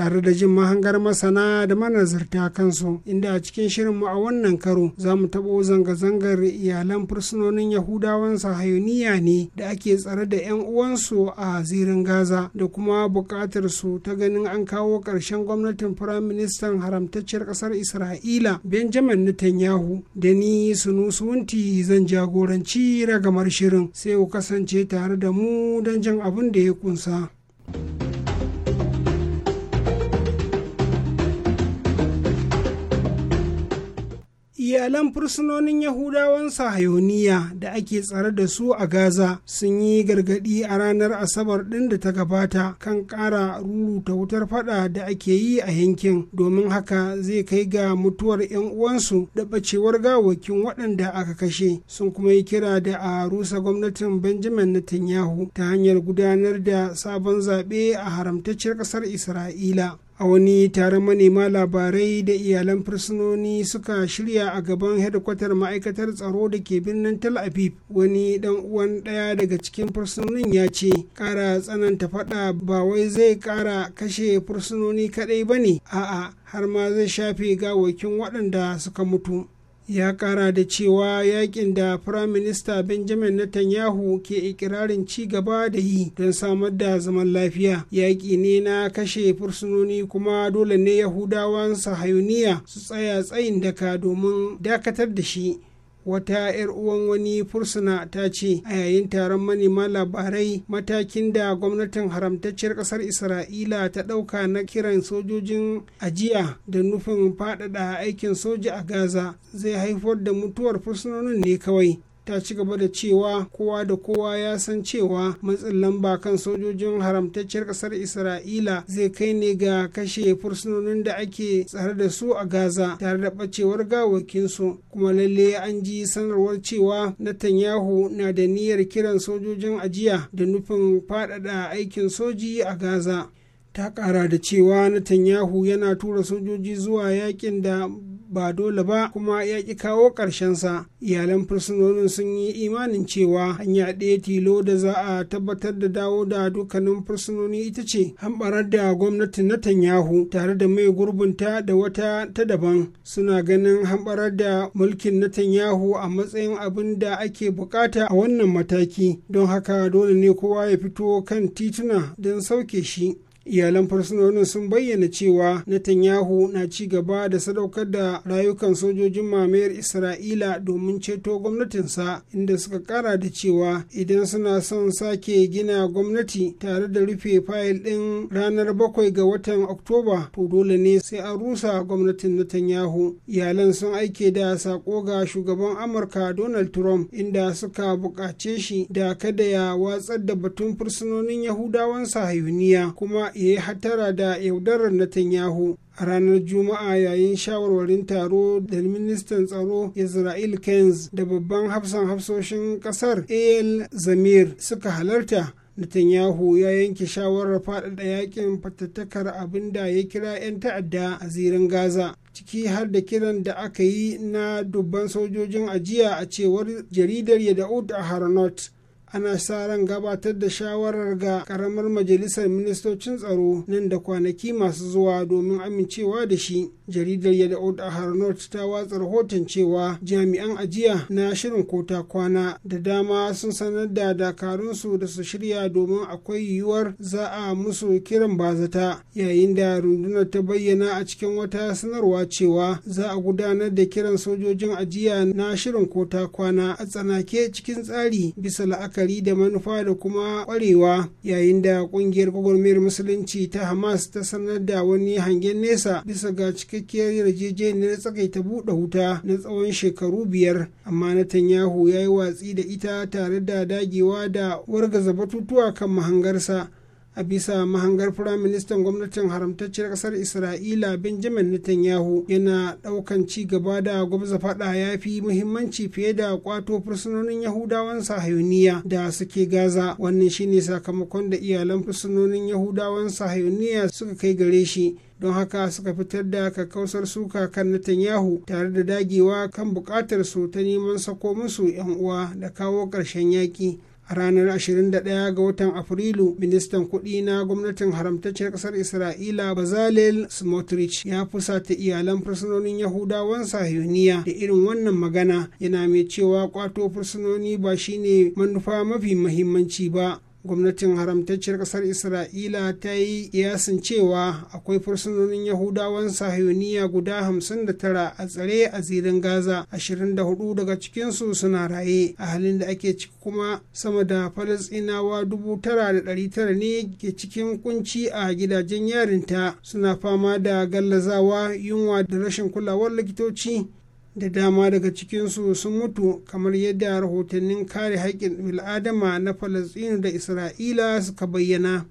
tare da jin mahangar masana da manazarta kansu inda a cikin shirinmu a wannan karo za mu taɓo zanga-zangar iyalan fursunonin yahudawan sahayuniya ne da ake tsare da 'yan uwansu a zirin gaza da kuma buƙatar su ta ganin an kawo ƙarshen gwamnatin firayim ministan haramtacciyar ƙasar isra'ila benjamin netanyahu da ni wunti zan jagoranci ragamar shirin sai ku kasance tare da mu don jin abin da ya kunsa. iyalan fursunonin yahudawan sahayoniya da ake tsare da su a gaza sun yi gargadi a ranar asabar ɗin da ta gabata kan ƙara ruruta wutar fada da ake yi a yankin domin haka zai kai ga mutuwar 'yan uwansu da ɓacewar gawakin waɗanda aka kashe sun kuma yi kira da a rusa gwamnatin benjamin netanyahu ta hanyar gudanar da sabon zaɓe a haramtacciyar ƙasar isra'ila a wani taron manema labarai da iyalan fursunoni suka shirya a gaban hedikwatar ma'aikatar tsaro da ke birnin tel aviv wani dan uwan daya daga cikin fursunonin ya ce kara tsananta fada ba wai zai kara kashe fursunoni kadai ne? a'a har ma zai shafe gawakin waɗanda suka mutu ya kara da cewa yakin da firaminista benjamin netanyahu ke ikirarin ci gaba da yi don samar da zaman lafiya yaƙi ne na kashe fursunoni kuma dole ne yahudawan sahayuniya su tsaya tsayin daka domin dakatar da shi wata 'yar uwan wani fursuna ta ce a yayin taron manema labarai matakin da gwamnatin haramtacciyar kasar isra'ila ta ɗauka na kiran sojojin ajiya da nufin faɗaɗa aikin soja a gaza zai haifar da mutuwar fursunonin ne kawai ta ci gaba da cewa kowa da kowa ya san cewa matsin lamba kan sojojin haramtacciyar kasar isra'ila zai kai ne ga kashe fursunonin da ake tsare da su a gaza tare da bacewar gawakinsu kuma lalle an ji sanarwar cewa netanyahu na da niyyar kiran sojojin ajiya da nufin faɗaɗa aikin soji a gaza ta kara da cewa Netanyahu yana tura sojoji zuwa yakin da ba dole ba kuma ya ƙi kawo ƙarshensa iyalan fursunonin sun yi imanin cewa hanya ɗaya tilo da za a tabbatar da dawo da dukkanin fursunoni ita ce hamɓarar da gwamnatin Netanyahu tare da mai gurbinta da wata ta daban suna ganin hamɓarar da mulkin Netanyahu a matsayin abin da ake bukata a wannan mataki don haka dole ne kowa ya fito kan tituna don sauke shi iyalan fursunonin sun bayyana cewa netanyahu na ci gaba da sadaukar da rayukan sojojin mamayar isra'ila domin ceto gwamnatinsa inda suka kara da cewa idan suna son sake gina gwamnati tare da rufe fayil ɗin ranar bakwai ga watan oktoba to dole ne sai an rusa gwamnatin netanyahu iyalan sun aike da sako ga shugaban amurka donald trump inda suka buƙace shi da kada ya watsar da batun fursunonin yahudawan sahayuniya kuma ya yi hatara da yaudarar Netanyahu a ranar Juma'a yayin shawarwarin taro da ministan tsaro Israel Kenz da babban hafsan hafsoshin kasar AL Zamir suka halarta. Netanyahu ya yanke shawarar faɗaɗa yakin fatattakar abin da ya kira 'yan ta'adda a zirin Gaza. ciki har da kiran da aka yi na dubban sojojin ajiya a cewar jaridar yadda a Haranot. ana sa ran gabatar da shawarar ga karamar majalisar ministocin tsaro nan da kwanaki masu zuwa domin amincewa da shi jaridar yada old harnot ta watsa rahoton cewa jami'an ajiya na shirin kota kwana da dama sun sanar da dakarunsu da su shirya domin akwai yiwuwar za a musu kiran bazata yayin da rundunar ta bayyana a cikin wata sanarwa cewa za a gudanar da kiran sojojin ajiya na shirin kota kwana a tsanake cikin tsari bisa la'akari hankali da manufa da kuma kwarewa yayin da kungiyar gwagwarmayar musulunci ta hamas ta sanar da wani hangen nesa bisa ga cikakkiyar yarjejeniyar tsakaita buɗe wuta na tsawon shekaru biyar amma netanyahu ya yi watsi da ita tare da dagewa da wargaza batutuwa kan mahangarsa a bisa mahangar firaministan gwamnatin haramtacciyar kasar isra'ila benjamin netanyahu yana daukan ci gaba da gwamza fada ya fi muhimmanci fiye da kwato fursunonin yahudawan sahayuniya da suke gaza wannan shine sakamakon da iyalan fursunonin yahudawan sahayuniya suka kai gare shi don haka suka fitar da kakkausar suka kan Netanyahu tare da dagewa kan bukatar su ta neman sako musu 'yan uwa da kawo ƙarshen yaƙi. a ranar 21 ga watan afrilu ministan kuɗi na gwamnatin haramtacciyar ƙasar isra'ila bazalel smotrich ya fusata iyalan fursunonin yahudawan sahiyoniya da irin wannan magana yana mai cewa kwato fursunoni ba shine manufa mafi mahimmanci ba gwamnatin haramtacciyar kasar isra'ila ta yi iyasin cewa akwai fursunonin yahudawan sahiyoniya guda 59 a tsare a zirin gaza 24 daga cikinsu suna raye a halin da ake ciki kuma sama da falasinawa 9,900 ne ke cikin kunci a gidajen yarinta suna fama da gallazawa yunwa da rashin kulawar likitoci da dama daga cikinsu sun mutu kamar yadda rahotannin kare haƙƙin bil'adama na falasɗinu da isra'ila suka bayyana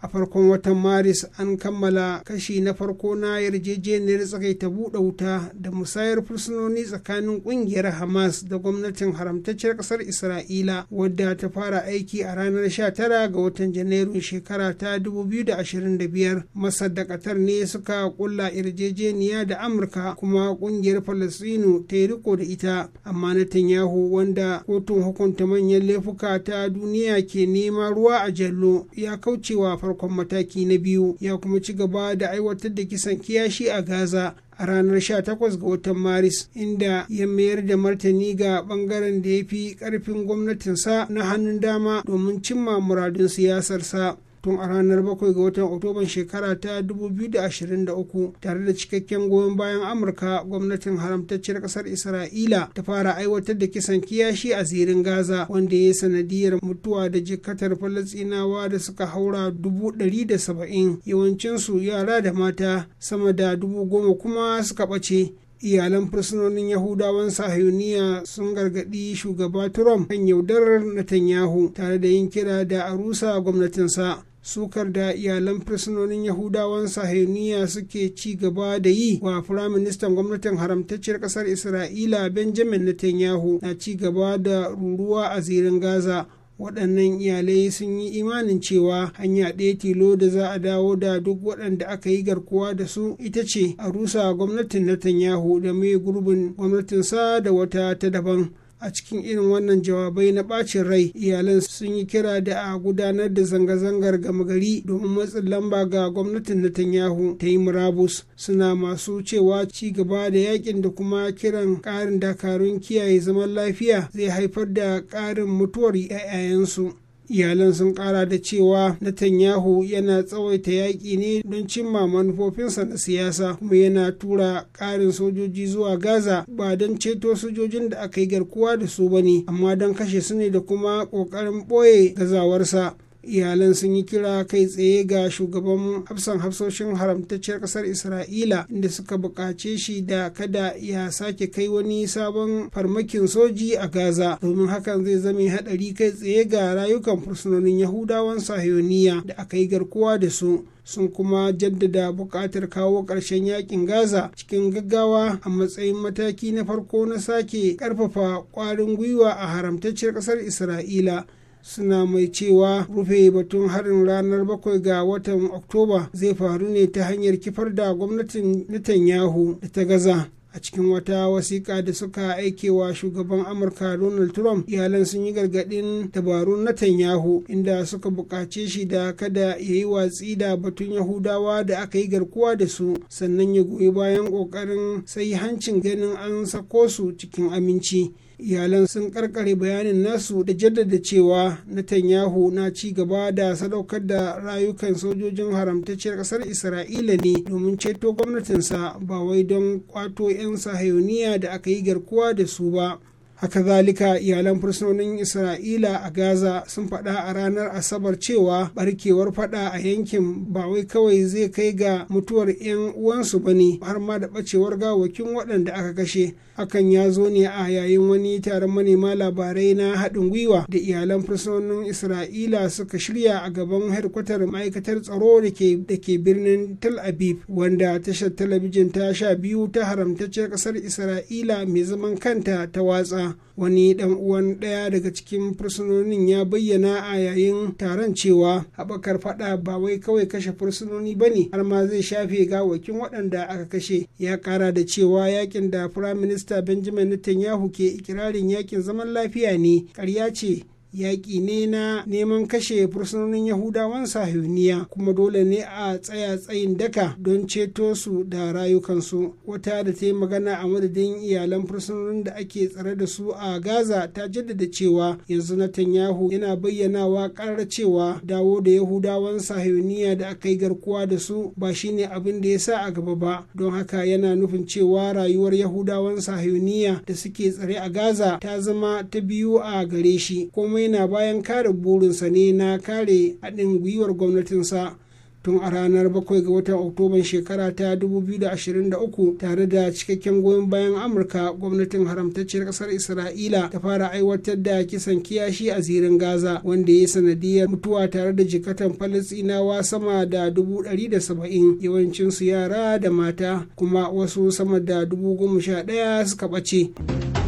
a farkon watan maris an kammala kashi na farko na yarjejeniyar tsakaita buɗe wuta da musayar fursunoni tsakanin ƙungiyar hamas da gwamnatin haramtacciyar ƙasar isra'ila wadda ta fara aiki a ranar 19 ga watan janairun shekara ta 2025 masar da ƙatar ne suka ƙulla yarjejeniya da amurka kuma ƙungiyar falastinu ta yi riko da ita amma netanyahu wanda kotun hukunta manyan laifuka ta duniya ke nema ruwa a jallo ya kaucewa farkon mataki na biyu ya kuma ci gaba da aiwatar da kisan kiyashi a gaza a ranar 18 ga watan maris inda ya mayar da martani ga bangaren da ya fi karfin gwamnatinsa na hannun dama domin cimma muradun siyasarsa tun a ranar 7 ga watan oktoban shekara ta 2023 tare da cikakken goyon bayan amurka gwamnatin haramtacciyar kasar isra'ila ta fara aiwatar da kisan kiyashi a zirin gaza wanda ya yi sanadiyar mutuwa da jikatar falastinawa da suka haura 170 yawancinsu yara da mata sama da dubu goma kuma suka ɓace iyalan fursunonin yahudawan sahiyuniya sun gargaɗi shugaba trump kan yaudarar netanyahu tare da yin kira da a rusa gwamnatinsa sukar da iyalan fursunonin yahudawan saheniya suke ci gaba da yi wa firaministan gwamnatin haramtacciyar kasar isra'ila benjamin netanyahu na ci gaba da ruruwa a zirin gaza waɗannan iyalai sun yi imanin cewa hanya ɗaya tilo da za a dawo da duk waɗanda aka yi garkuwa da su ita ce a rusa gwamnatin Netanyahu da mai gurbin gwamnatinsa da wata ta daban. a cikin irin wannan jawabai na bacin rai iyalan sun yi kira da a gudanar da zanga-zangar gama gari domin matsin lamba ga gwamnatin Netanyahu ta yi murabus suna masu cewa ci gaba da yakin da kuma kiran karin dakarun kiyaye zaman lafiya zai haifar da karin mutuwar 'ya'yayensu. iyalan sun kara da cewa Netanyahu yana tsawaita yaƙi ne don cimma manufofinsa na siyasa kuma yana tura ƙarin sojoji zuwa Gaza ba don ceto sojojin da aka yi garkuwa da su ba ne amma don kashe su ne da kuma ƙoƙarin ɓoye gazawarsa. iyalan sun yi kira kai tsaye ga shugaban hafsan hafsoshin haramtacciyar ƙasar isra'ila inda suka buƙace shi da kada ya sake kai wani sabon farmakin soji a gaza domin hakan zai zame haɗari kai tsaye ga rayukan fursunonin yahudawan sahiyoniya da aka yi garkuwa da su sun kuma jaddada buƙatar kawo ƙarshen yakin gaza cikin gaggawa a matsayin mataki na farko na sake ƙarfafa ƙwarin gwiwa a haramtacciyar ƙasar isra'ila suna mai cewa rufe batun harin ranar bakwai ga watan oktoba zai faru ne ta hanyar kifar da gwamnatin netanyahu da ta gaza a cikin wata wasiƙa da suka aikewa shugaban amurka donald trump iyalan sun yi gargaɗin dabarun netanyahu inda suka buƙace shi da kada ya yi watsi da batun yahudawa da aka yi garkuwa da su sannan ya goyi bayan ƙoƙarin sai hancin ganin an sako su cikin aminci iyalan sun karkare bayanin nasu da jaddada cewa Netanyahu na ci gaba da sadaukar da rayukan sojojin haramtacciyar kasar Isra'ila ne domin ceto gwamnatinsa ba wai don kwato 'yan sahayoniya da aka yi garkuwa da su ba. haka zalika iyalan fursunonin isra'ila a gaza sun faɗa a ranar asabar cewa barkewar faɗa a yankin ba wai kawai zai kai ga mutuwar 'yan uwansu ba ne har ma da ɓacewar gawakin waɗanda aka kashe hakan ya zo ne a yayin wani taron manema labarai na haɗin gwiwa da iyalan fursunonin isra'ila suka shirya a gaban harkwatar ma'aikatar tsaro da ke birnin tel aviv wanda tashar talabijin ta sha biyu ta haramtacce ƙasar isra'ila mai zaman kanta ta watsa wani ɗan uwan ɗaya daga cikin fursunonin ya bayyana a yayin taron cewa haɓakar faɗa ba wai kawai kashe fursunoni ba ne har ma zai shafe gawakin waɗanda aka kashe ya ƙara da cewa yakin da firaminista Minista Benjamin Netanyahu ke ikirarin yakin zaman lafiya ne, ƙarya ce. yaƙi ne na neman kashe fursunonin yahudawan sahauniya kuma dole ne a tsaya tsayin daka don ceto su da rayukansu wata da ta yi magana a madadin iyalan fursunonin da ake tsare da su a gaza ta jaddada cewa yanzu tanyahu yana bayyanawa karar cewa dawo da yahudawan sahauniya da aka yi garkuwa da su ba shine abin da ya sa a gaba ba don haka yana nufin cewa rayuwar yahudawan sahauniya da suke tsare a gaza ta zama ta biyu a gare shi kuma kuma yana bayan kare burinsa ne na kare haɗin gwiwar gwamnatinsa tun a ranar 7 ga watan oktoban shekara ta 2023 tare da cikakken goyon bayan amurka gwamnatin haramtacciyar kasar isra'ila ta fara aiwatar da kisan kiyashi a zirin gaza wanda ya yi sanadiyar mutuwa tare da jikatan falastinawa sama da 170 yawancinsu yara da mata kuma wasu sama da 11,000 suka ɓace.